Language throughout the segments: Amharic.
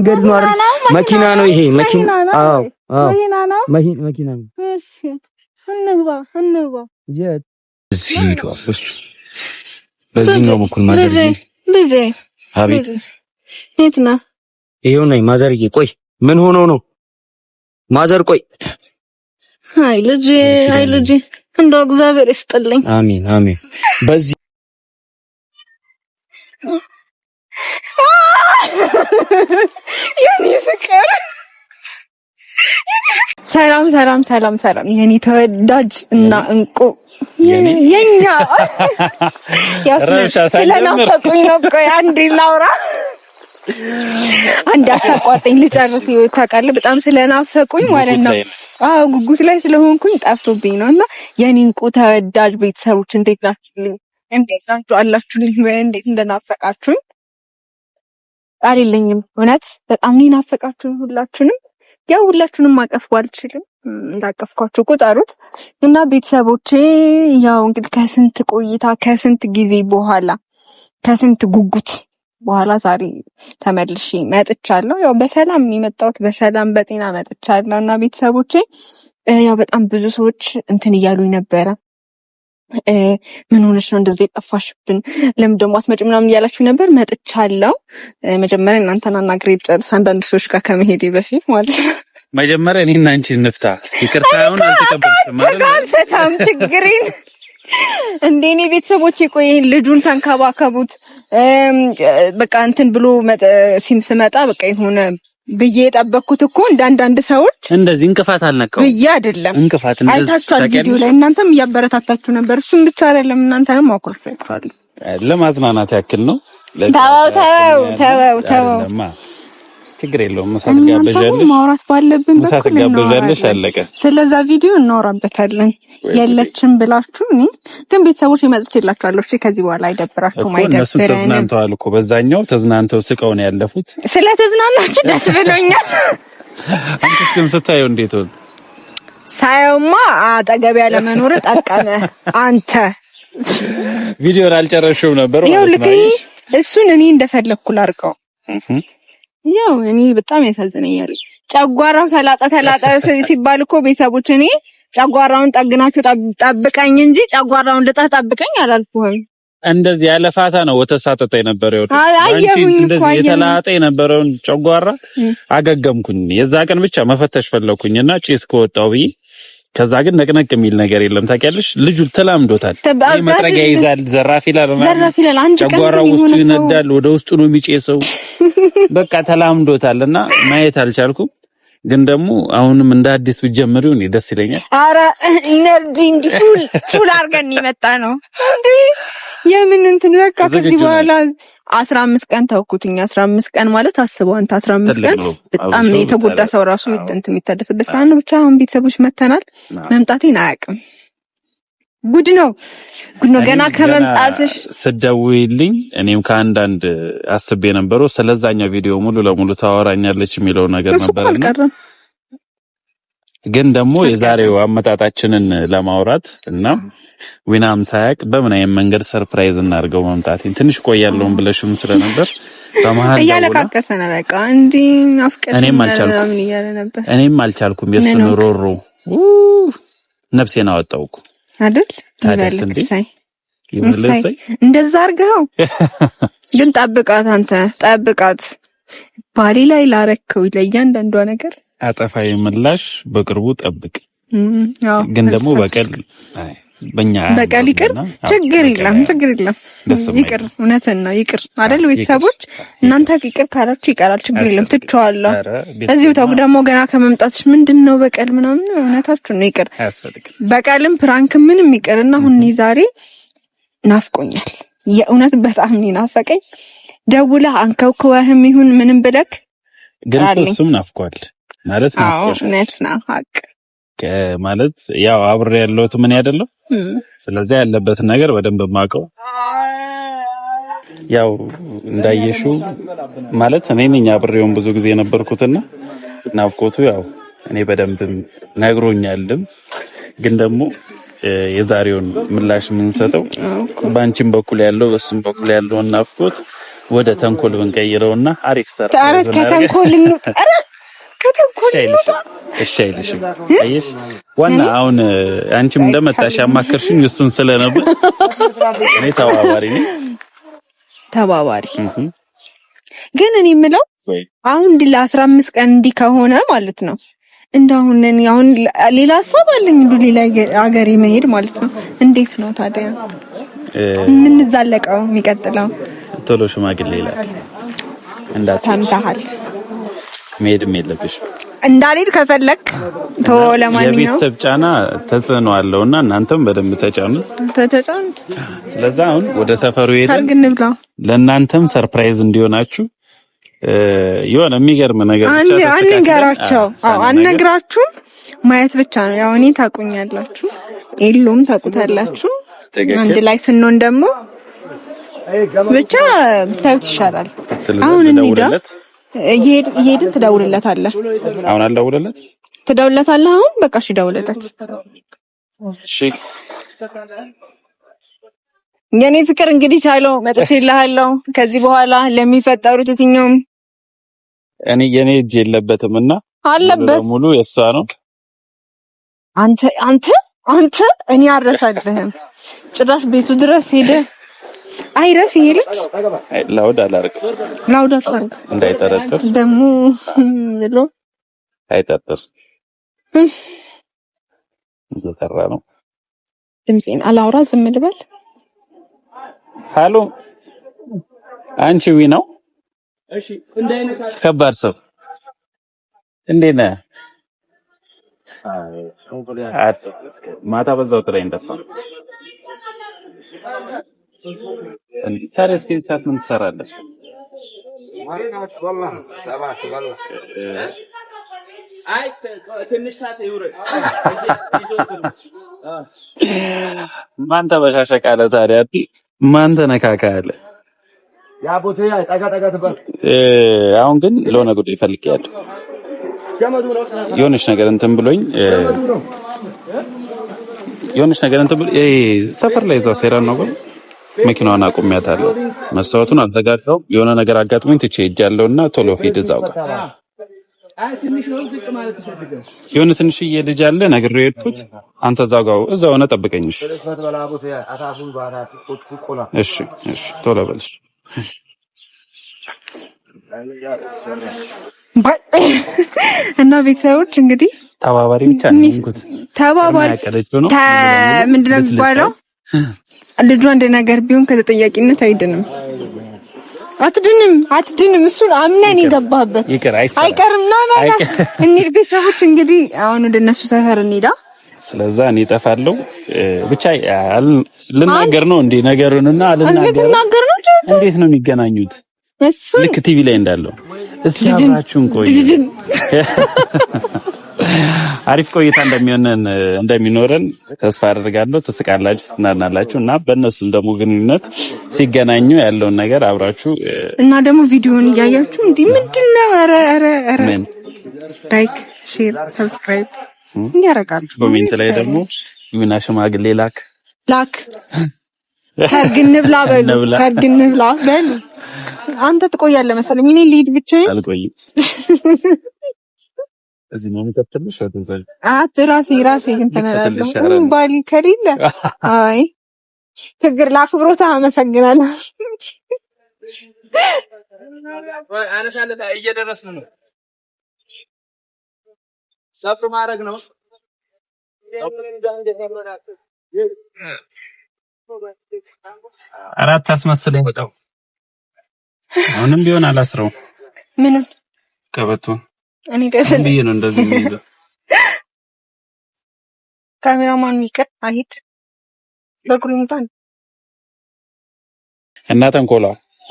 መንገድ ነው አይደል? መኪና ነው ይሄ መኪና። አዎ አዎ መኪና ነው። እሺ እንግባ እንግባ። እዚህ ሄዷል እሱ በዚህኛው በኩል ማዘርዬ። ልጄ አቤት። የት ነህ? ይሄው ነኝ ማዘርዬ። ቆይ ምን ሆኖ ነው ማዘር? ቆይ አይ ልጄ፣ አይ ልጄ፣ እንደው እግዚአብሔር ይስጥልኝ። አሜን አሜን። በዚህ የኔ ፍቅር ሰላም ሰላም ሰላም ሰላም የኔ ተወዳጅ እና እንቁ የኛ ስለናፈቁኝ ነው። ቆይ አንዴ ላውራ፣ አንድ አታቋርጠኝ ልጨርስ። ታውቃለህ በጣም ስለናፈቁኝ ማለት ነው። አዎ ጉጉት ላይ ስለሆንኩኝ ጠፍቶብኝ ነው። እና የኔ እንቁ ተወዳጅ ቤተሰቦች እንዴት ናችሁልኝ? እንዴት ናችሁ አላችሁልኝ? እንዴት እንደናፈቃችሁኝ አሌለኝም እውነት በጣም ነው ሁላችሁንም። ያው ሁላችሁንም ማቀፍ ባልችልም እንዳቀፍኳችሁ ቁጠሩት እና ቤተሰቦቼ፣ ያው እንግዲህ ከስንት ቆይታ ከስንት ጊዜ በኋላ ከስንት ጉጉት በኋላ ዛሬ ተመልሼ መጥቻለሁ። ያው በሰላም የመጣሁት በሰላም በጤና መጥቻለሁ እና ቤተሰቦቼ ያው በጣም ብዙ ሰዎች እንትን እያሉኝ ነበረ ምን ሆነሽ ነው እንደዚህ የጠፋሽብን? ለምን ደግሞ አትመጪ ምናምን እያላችሁ ነበር። መጥቻለሁ። መጀመሪያ እናንተን አናግሬ ልጨርስ፣ አንዳንድ ሰዎች ጋር ከመሄዴ በፊት ማለት ነው። መጀመሪያ እኔ እና አንቺ እንፍታ። ይቅርታውን አልተቀበልሽም ችግሬን እንዴ እኔ ቤተሰቦች ይቆይን ልጁን ተንከባከቡት። በቃ እንትን ብሎ ሲም ስመጣ በቃ የሆነ ብዬ የጠበቅኩት እኮ እንደ አንዳንድ ሰዎች እንደዚህ እንቅፋት አልነካው ብዬ አይደለም። እንቅፋት አይታችኋል፣ ቪዲዮ ላይ እናንተም እያበረታታችሁ ነበር። እሱም ብቻ አይደለም እናንተ ነው አኩርፌ ለማዝናናት ያክል ነው። ተወው ተወው ተወው ተወው ችግር የለውም። ምሳ ትጋበዣለሽ፣ ማውራት ባለብን በኩል ትጋበዣለሽ። አለቀ። ስለዛ ቪዲዮ እናወራበታለን። የለችም ብላችሁ እኔ ግን ቤተሰቦች ይመጡት ይላችኋለሁ። እሺ፣ ከዚህ በኋላ አይደብራችሁም። አይደብረንም። እነሱ ተዝናንተዋል እኮ በዛኛው ተዝናንተው ስቀው ነው ያለፉት። ስለ ተዝናናችሁ ደስ ብሎኛል። አንተስ ግን ስታየው እንዴት ሆነ? ሳየውማ አጠገብ ያለ መኖር ጠቀመ። አንተ ቪዲዮን አልጨረሽም ነበር ማለት እሱን እኔ እንደፈለግኩ ላድርገው ያው እኔ በጣም ያሳዝነኛል። ጨጓራው ሰላጣ ተላጣ ሲባል እኮ ቤተሰቦች እኔ ጨጓራውን ጠግናችሁ ጠብቀኝ እንጂ ጨጓራውን ልጠህ ጠብቀኝ አላልኩህም። እንደዚህ ያለ ፋታ ነው ወተሳተተ የነበረው እንደዚህ የተላጠ የነበረውን ጨጓራ አገገምኩኝ። የዛ ቀን ብቻ መፈተሽ ፈለኩኝና ጭስ ከወጣው ብዬ ከዛ ግን ነቅነቅ የሚል ነገር የለም። ታውቂያለሽ፣ ልጁ ተላምዶታል። መጥረጊያ ይዛል፣ ዘራፍ ይላል፣ ጨጓራው ውስጡ ይነዳል፣ ወደ ውስጡ ነው የሚጨሰው። በቃ ተላምዶታል እና ማየት አልቻልኩም። ግን ደግሞ አሁንም እንደ አዲስ ብጀምሪው እኔ ደስ ይለኛል። አረ ኢነርጂ እንዲህ ፉል ፉል አድርገን የመጣ ነው እንዴ የምን እንትን በቃ ከዚህ በኋላ አስራ አምስት ቀን ተውኩትኝ። አስራ አምስት ቀን ማለት አስበው አንተ አስራ አምስት ቀን በጣም የተጎዳ ሰው ራሱ እንትን የሚታደስበት ስራ ነው። ብቻ አሁን ቤተሰቦች መተናል መምጣቴን አያውቅም። ጉድ ነው ጉድ ነው። ገና ከመምጣትሽ ስደውይልኝ እኔም ከአንዳንድ አስቤ የነበረው ስለዛኛው ቪዲዮ ሙሉ ለሙሉ ታወራኛለች የሚለው ነገር ነበር። ግን ደግሞ የዛሬው አመጣጣችንን ለማውራት እና ዊናም ሳያቅ በምን አይነት መንገድ ሰርፕራይዝ እናድርገው መምጣቴን ትንሽ ቆያለውን ብለሽም ስለነበር በመሀል እያለቃቀሰ ነው በቃ እንዲህ ናፍቀሽ እኔም አልቻልኩም። የሱን ሮሮ ነፍሴን አወጣውኩ። አይደል? ታዲያስ ይመለሰኝ እንደዛ አርገው። ግን ጠብቃት፣ አንተ ጠብቃት። ባሌ ላይ ላረከው ለእያንዳንዷ ነገር አጸፋዊ ምላሽ በቅርቡ ጠብቅ። ግን ደግሞ በቀል በእኛ በቃል ይቅር፣ ችግር የለም ችግር የለም ይቅር። እውነትን ነው ይቅር አይደል? ቤተሰቦች እናንተ ይቅር ካላችሁ ይቀራል፣ ችግር የለም ትቼዋለሁ። እዚሁ ታጉ ደግሞ ገና ከመምጣትሽ ምንድን ነው በቀል ምናምን፣ እውነታችሁ ነው ይቅር። በቀልም ፕራንክ ምንም ይቅር እና አሁን ዛሬ ናፍቆኛል፣ የእውነት በጣም ናፈቀኝ። ደውላ አንከውክወህም ይሁን ምንም ብለክ ግን እሱም ናፍቋል ማለት ናፍቆሽ ነው ሀቅ ማለት ያው አብሬ ያለሁት ምን ያደለው ስለዚህ ያለበትን ነገር በደንብ ማቀው ያው እንዳየሹ ማለት እኔ ነኝ አብሬውን ብዙ ጊዜ የነበርኩትና ናፍቆቱ ያው እኔ በደንብ ነግሮኛልም፣ ግን ደግሞ የዛሬውን ምላሽ የምንሰጠው በአንቺም በኩል ያለው በሱም በኩል ያለውን ናፍቆት ወደ ተንኮል ብንቀይረውና አሪፍ ሰራ ከተንኮል አይልሽም። ዋና አሁን አንቺም እንደመጣሽ ያማከርሽኝ እሱን ስለነበር እኔ ተባባሪ ነኝ። ተባባሪ ግን እኔ የምለው አሁን እንዲህ ለአስራ አምስት ቀን እንዲህ ከሆነ ማለት ነው እንደ አሁን እኔ አሁን ሌላ ሀሳብ አለኝ እንዱ ሌላ አገሬ መሄድ ማለት ነው። እንዴት ነው ታዲያ የምንዛለቀው? የሚቀጥለው ቶሎ ሽማግሌ ይላል እንዳትሰምታሃል መሄድም የለብሽም። እንዳልሄድ ከፈለክ ቶ ለማንኛውም የቤተሰብ ጫና ተጽዕኖ አለው እና እናንተም በደንብ ተጫኑት ተጫኑት። ስለዛ አሁን ወደ ሰፈሩ ሄደን ለእናንተም ሰርፕራይዝ እንዲሆናችሁ የሆነ የሚገርም ነገር ብቻ አንነግራቸው። አዎ አንነግራችሁም፣ ማየት ብቻ ነው። ያው እኔ ታቁኛላችሁ፣ ኤሎም ታቁታላችሁ። አንድ ላይ ስንሆን ደግሞ ብቻ ብታዩት ይሻላል። አሁን እንሂዳ እየሄድን ትደውልለታለህ። አሁን አልደውልለት ትደውልለታለህ። አሁን በቃ እሺ፣ ደውልለት። እሺ የኔ ፍቅር እንግዲህ ቻለው መጥቼልሃለሁ። ከዚህ በኋላ ለሚፈጠሩት የትኛውም እኔ የኔ እጅ የለበትም እና አለበት ሙሉ የእሷ ነው። አንተ አንተ አንተ እኔ አልረሳልህም ጭራሽ ቤቱ ድረስ ሄደ። አይረፍ ይሄ ልጅ ላውድ አላርግ ላውድ አላርግ እንዳይጠረጥር ደግሞ ብሎ አይጠርጥር እየጠራ ነው። ድምፄን አላውራ ዝም ልበል። ሃሎ አንቺ ዊ ነው ከባድ ሰው እንዴት ነህ? ማታ በዛው ጥሬ እንደፋ ታዲያ እስከዚህ ሰዓት ምን ትሰራለህ? ማን ተበሻሸቀ አለ? ታዲያ ማን ተነካካ አሁን ግን ለሆነ ጉዳይ ፈልጌያለሁ። የሆነች ነገር እንትን ብሎኝ የሆነች ነገር እንትን ብሎኝ ሰፈር ላይ እዛው ሴራ ነው መኪናዋን አቁሚያታለሁ። መስታወቱን አዘጋጅተው የሆነ ነገር አጋጥሞኝ ትቼ ሄጃለሁ እና ቶሎ ሂድ እዛው ጋር የሆነ ትንሽዬ ልጅ አለ ነግሬው የሄድኩት አንተ እዛው ጋር እዛው ሆነ ጠብቀኝ። እሺ፣ እሺ፣ ቶሎ በልሽ። እና ቤተሰቦች እንግዲህ ተባባሪ ብቻ ነው ተባባሪ ምንድነው የሚባለው ልጇ እንደ ነገር ቢሆን ከተጠያቂነት አይድንም። አትድንም፣ አትድንም። እሱን አምነን የገባህበት አይቀርም። ና እንሂድ። ቤተሰቦች እንግዲህ አሁን ወደ እነሱ ሰፈር እንሂዳ። ስለዛ እኔ እጠፋለሁ ብቻ ልናገር ነው እንዴ ነገሩንና ልናገር ነው። እንዴት ነው የሚገናኙት? ልክ ቲቪ ላይ እንዳለው እስኪ አብራችሁን ቆይ አሪፍ ቆይታ እንደሚሆንን እንደሚኖረን ተስፋ አድርጋለሁ። ትስቃላችሁ፣ ትናናላችሁ እና በእነሱም ደግሞ ግንኙነት ሲገናኙ ያለውን ነገር አብራችሁ እና ደግሞ ቪዲዮን እያያችሁ እንዲህ ምንድን ነው ኧረ ኧረ ኧረ ላይክ፣ ሼር፣ ሰብስክራይብ እንዲያረጋሉ ኮሜንት ላይ ደግሞ ዩና ሽማግሌ ላክ ላክ ሰርግ እንብላ በሉ፣ ሰርግ እንብላ በሉ። አንተ ትቆያለህ መሰለኝ። እኔ ልሂድ ብቻዬን አልቆይም። እዚህ ነው የሚቀጥልሽ? ወደዛ አት ራሴ ራሴ እንትን እላለሁ። ባሊ ከሌለ አይ ችግር ለአክብሮታ አመሰግናለሁ። እየደረስን ነው። ሰፍ ማድረግ ነው። አራት አስመስለኝ። በጣም አሁንም ቢሆን አላስረውም ምንም ከበቶ እኔ ደስ ብዬ ነው እንደዚህ የሚይዘው። ይቅር አይሂድ በእግሩ ይምጣ እና ተንኮሏ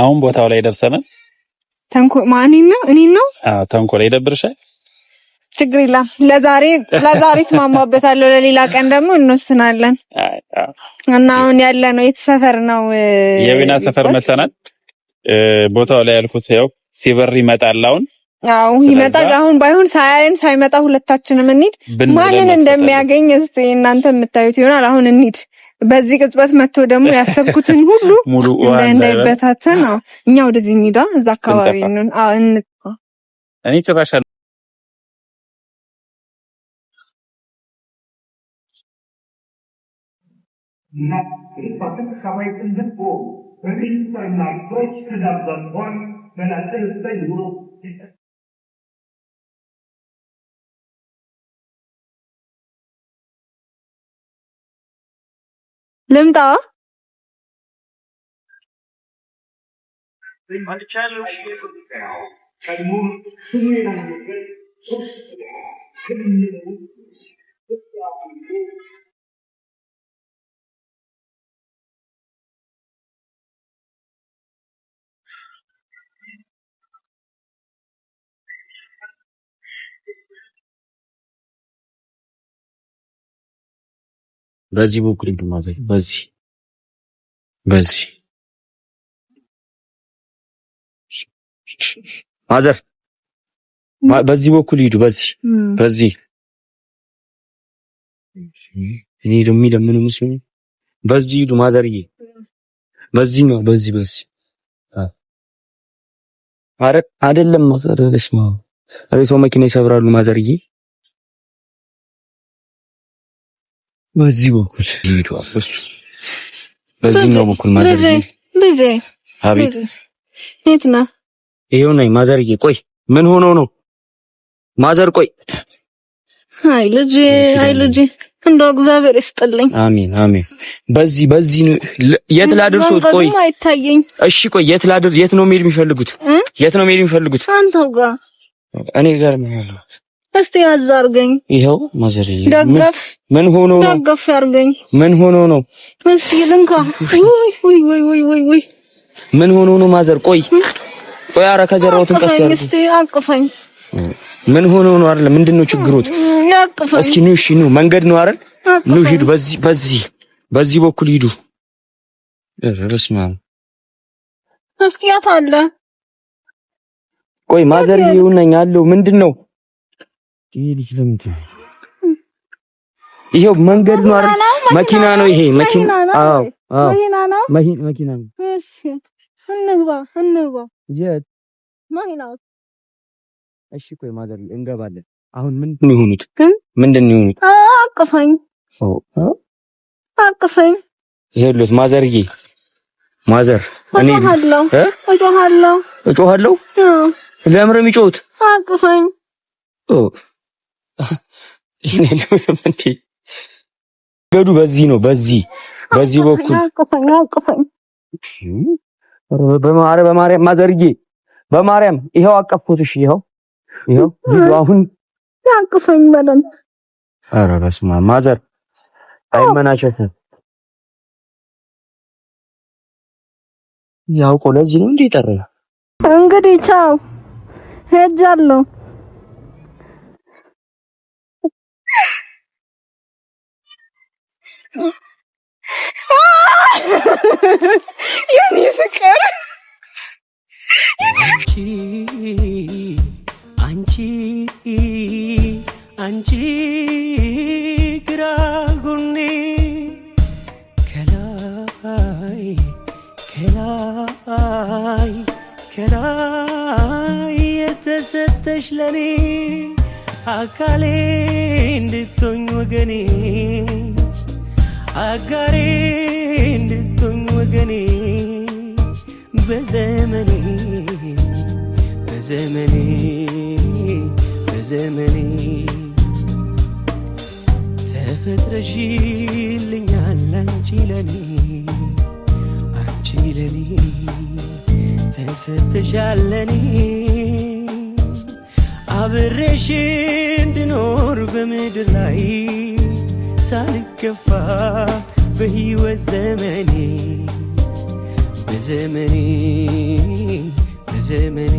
አሁን ቦታው ላይ ደርሰናል። ተንኮ ማን ነው? እኔ ነው። አዎ ተንኮላ ይደብርሻል። ችግር የለም። ለዛሬ ለዛሬ እስማማበታለሁ። ለሌላ ቀን ደግሞ እንወስናለን። እና አሁን ያለ ነው የት ሰፈር ነው? የዊና ሰፈር መተናል። ቦታው ላይ ያልኩት ያው ሲበር ይመጣል አሁን አዎ ይመጣል። አሁን ባይሆን ሳያየን ሳይመጣ ሁለታችንም እንሂድ። ማንን እንደሚያገኝ እስቲ እናንተ የምታዩት ይሆናል። አሁን እንሂድ። በዚህ ቅጽበት መጥቶ ደግሞ ያሰብኩትን ሁሉ እንዳይበታተን ነው። እኛ ወደዚህ እንሂዳ፣ እዛ አካባቢ ነን። አዎ እንጥፋ። እኔ ጭራሽ lim لمدا በዚህ በኩል ድማ በዚህ በዚህ ማዘር በዚህ በኩል ሂዱ። በዚህ በዚህ እኔ ደሚ ለምን መስሎኝ በዚህ ሂዱ ማዘርዬ። በዚህ ነው በዚህ በዚህ አረ አይደለም ማዘር፣ ሰው መኪና ይሰብራሉ ማዘርዬ በዚህ በኩል ይሄዷል። እሱ በዚህኛው በኩል ማዘርዬ፣ ልጄ፣ አቤት። የት ነህ? ይሄው ነኝ ማዘርዬ። ቆይ ምን ሆኖ ነው ማዘር? ቆይ አይ ልጄ፣ አይ ልጄ፣ እንደው እግዚአብሔር ይስጥልኝ። አሜን፣ አሜን። በዚህ በዚህ የት ላድርሶት? ቆይ አይታየኝ። እሺ፣ ቆይ የት ላድር? የት ነው መሄድ የሚፈልጉት? የት ነው መሄድ የሚፈልጉት? አንተው ጋር እኔ ጋር ነው ያለው እስቲ ያዝ አድርገኝ። ይኸው ማዘርዬ ደገፍ ምን ሆኖ ነው? ደገፍ አድርገኝ። ምን ሆኖ ነው? እስቲ ልንካ። ውይ ውይ ውይ ውይ ውይ ውይ ምን ሆኖ ነው? ማዘር ቆይ ቆይ፣ አረ ከዘራሁትን ቀስ ያድርጉ። እስቲ አቅፈኝ። ምን ሆኖ ነው? አይደል ምንድን ነው ችግሮት? አቅፈኝ እስኪ። ኑ እሺ፣ ኑ መንገድ ነው አይደል? ኑ ሂዱ። በዚህ በዚህ በዚህ በኩል ሂዱ። ረስማ እስኪ ያት አለ። ቆይ ማዘርዬ፣ ይሁነኝ አለው ምንድን ነው ልጅ ለምንት ይሄው መንገድ ነው አይደል? መኪና ነው ይሄ መኪና። አዎ አዎ መኪና ነው። እሺ እንግባ እንግባ። የት መኪና? እሺ ቆይ ማደር እንገባለን። አሁን ምን ነው የሆኑት? ምንድን ነው የሆኑት? አቅፈኝ አቅፈኝ። ይሄሉት ማዘርዬ፣ ማዘር እኔ እጮሃለሁ እጮሃለሁ። እጮሃለሁ። ለምንም ይጮት አቅፈኝ ይሄን ያለሁትም እንዴ ገዱ በዚህ ነው። በዚህ በዚህ በኩል በማርያም በማርያም ማዘርዬ በማርያም ይኸው አቀፍኩት። እሺ ይኸው ይኸው ይኸው አሁን አቅፈኝ በደንብ። ኧረ በስመ አብ ማዘር አይመናቸት ያው እኮ ለዚህ ነው እንዴ ጠራ። እንግዲህ ቻው ሄጃለሁ። የኔ ፍቅር አንቺ አንቺ አንቺ ግራ ጎኔ ከላይ ከላይ ከላይ የተሰጠሽ ለኔ አካሌ እንድትሆኝ ወገኔ አጋሬ እንድትሆኝ ወገኔ በዘመኔ በዘመኔ በዘመኔ ተፈጥረሽልኛል አንቺ ለኔ አንቺ ለኔ ተሰጥተሻል ለኔ አብሬሽ እንድኖር በምድር ላይ ሳልገፋ በሕይወት ዘመኔ በዘመኔ በዘመኔ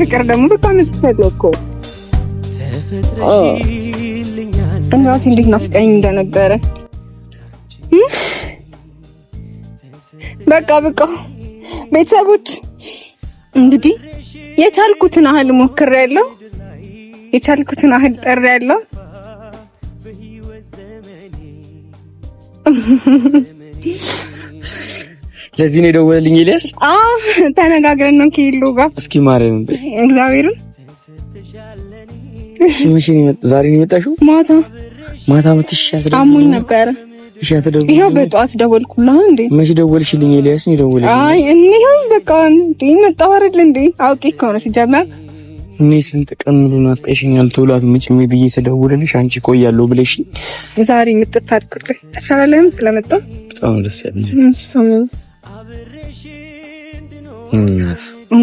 ፍቅር ደግሞ በጣም መስፈት እኮ እራሴ እንዴት ናፍቀኝ እንደነበረ በቃ በቃ ቤተሰቦች እንግዲህ የቻልኩትን አህል ሞክሬያለሁ። የቻልኩትን አህል ጠሬያለሁ። ለዚህ ነው የደወለልኝ ኤልያስ። አዎ ተነጋግረን ነው ከሄሎ ጋር። እስኪ ማርያም እግዚአብሔርን መቼ ነው ዛሬ ነው የመጣሽው? ማታ ማታ መትሻት አሞኝ ነበር። እሺ አትደውል። ይሄው በጠዋት ደወልኩልህ። እንዴ መቼ ደወልሽልኝ ኤልያስ? ነው ደወልኩልኝ። አይ እኔ ይሄው በቃ እንዴ መጣሁ አይደል እንዴ አውቄ ከሆነ ሲጀመር እኔ ስንት ቀን ሙሉ ናፍቀሽኛል ቶሎ ምጭሚ ብዬ ስደውልልሽ አንቺ እቆያለሁ ብለሽ ዛሬ የምትታድቁልኝ ሰላለም ስለመጣ በጣም ደስ ያለኝ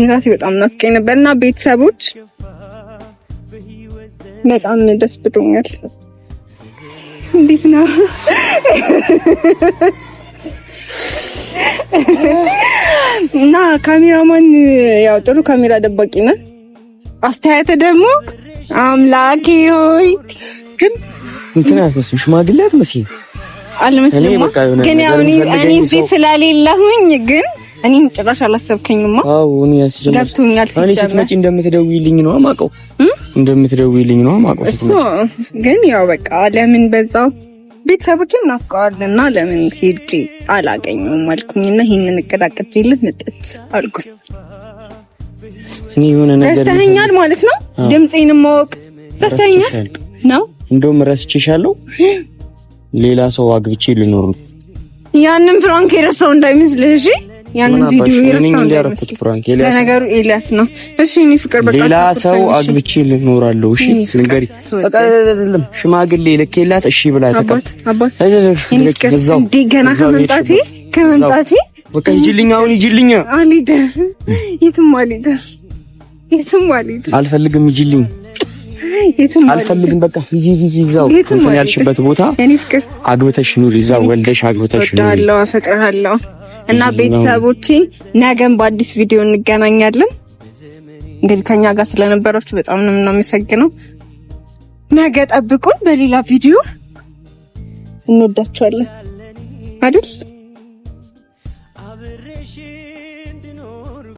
እራሴ በጣም ናፍቀኝ ነበር እና ቤተሰቦች በጣም ደስ ብሎኛል። እንዴት ነው? እና ካሜራማን ያው ጥሩ ካሜራ ደባቂ ነን አስተያየት ደግሞ አምላኬ ሆይ ግን እንትን አትመስም፣ ሽማግሌ አትመስም፣ አልመስልም። ግን ያው እኔ እዚህ ስላሌለሁኝ ግን እኔን ጭራሽ አላሰብከኝማ። አዎ እኔ ያስጀምር ገብቶኛል። እኔ ስትመጪ እንደምትደውይልኝ ነው የማውቀው እንደምትደውይልኝ ነው የማውቀው። እሱ ግን ያው በቃ ለምን በዛው ቤተሰቦችን ናፍቀዋልና ለምን ሄጄ አልኩኝና ይሄንን እቅድ አቅጄልህ አልኩኝ። እኔ የሆነ ነገር ረስተኸኛል ማለት ነው። ድምጼንም ማወቅ ረስተኸኛል ነው። እንደውም ረስቼሻለሁ። ሌላ ሰው አግብቼ ልኖር ነው። ያንን ፍራንክ የረሳው እንዳይመስልህ እሺ። ያንን ቪዲዮ ፍራንክ ለነገሩ ነው። እሺ ፍቅር በቃ ሌላ ሰው አግብቼ ልኖራለሁ። እሺ ንገሪ በቃ ሽማግሌ ልኬላት እሺ ብላ ተቀበል። ገና ከመምጣቴ ከመምጣቴ የትም አልሄድ አልፈልግም። ሂጂልኝ አልፈልግም። በቃ ሂጂ ሂጂ። እዛው እንትን ያልሽበት ቦታ አግብተሽ ኑሪ። እዛው ወልደሽ አግብተሽ ኑሪ። ወዳለው አፈቅርሃለሁ። እና ቤተሰቦቼ ነገን በአዲስ ቪዲዮ እንገናኛለን። እንግዲህ ከኛ ጋር ስለነበራችሁ በጣም ነው የምናመሰግነው። ነገ ጠብቁን በሌላ ቪዲዮ። እንወዳችኋለን አይደል?